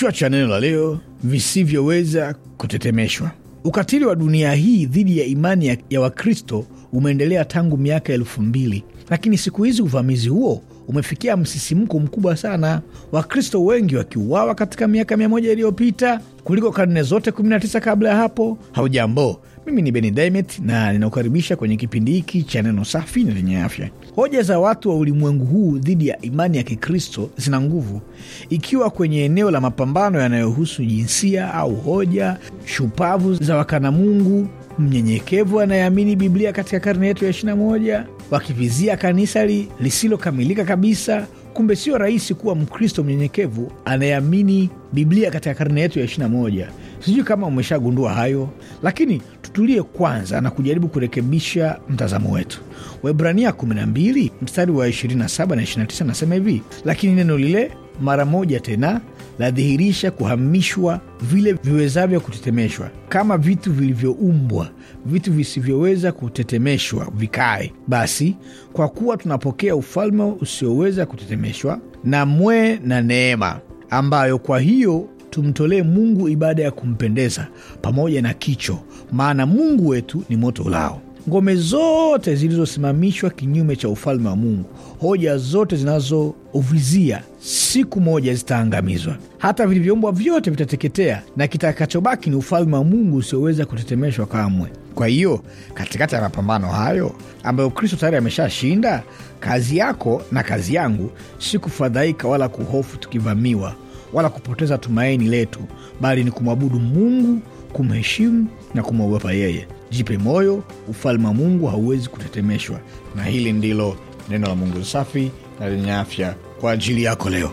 Kichwa cha neno la leo: visivyoweza kutetemeshwa. Ukatili wa dunia hii dhidi ya imani ya Wakristo umeendelea tangu miaka elfu mbili, lakini siku hizi uvamizi huo umefikia msisimko mkubwa sana, Wakristo wengi wakiuawa katika miaka mia moja iliyopita kuliko karne zote 19 kabla ya hapo. Haujambo, mimi ni Benidamet na ninakukaribisha kwenye kipindi hiki cha neno safi na lenye afya. Hoja za watu wa ulimwengu huu dhidi ya imani ya Kikristo zina nguvu, ikiwa kwenye eneo la mapambano yanayohusu jinsia au hoja shupavu za wakanamungu mnyenyekevu anayeamini Biblia katika karne yetu ya 21 wakivizia kanisa lisilokamilika kabisa. Kumbe sio rahisi kuwa Mkristo mnyenyekevu anayeamini Biblia katika karne yetu ya 21. Sijui kama umeshagundua hayo, lakini tutulie kwanza na kujaribu kurekebisha mtazamo wetu. Waebrania 12 mstari wa 27 na 29 nasema hivi: lakini neno lile mara moja tena ladhihirisha kuhamishwa vile viwezavyo kutetemeshwa, kama vitu vilivyoumbwa, vitu visivyoweza kutetemeshwa vikae. Basi kwa kuwa tunapokea ufalme usioweza kutetemeshwa, na mwee na neema ambayo kwa hiyo tumtolee Mungu ibada ya kumpendeza pamoja na kicho, maana Mungu wetu ni moto ulao. Ngome zote zilizosimamishwa kinyume cha ufalme wa Mungu, hoja zote zinazouvizia siku moja zitaangamizwa. Hata vilivyombwa vyote vitateketea, na kitakachobaki ni ufalme wa Mungu usioweza kutetemeshwa kamwe. Kwa hiyo katikati ya mapambano hayo ambayo Kristo tayari ameshashinda, kazi yako na kazi yangu si kufadhaika wala kuhofu tukivamiwa wala kupoteza tumaini letu, bali ni kumwabudu Mungu, kumheshimu na kumwogopa yeye. Jipe moyo, ufalme wa Mungu hauwezi kutetemeshwa. Na hili ndilo neno la Mungu safi na lenye afya kwa ajili yako leo.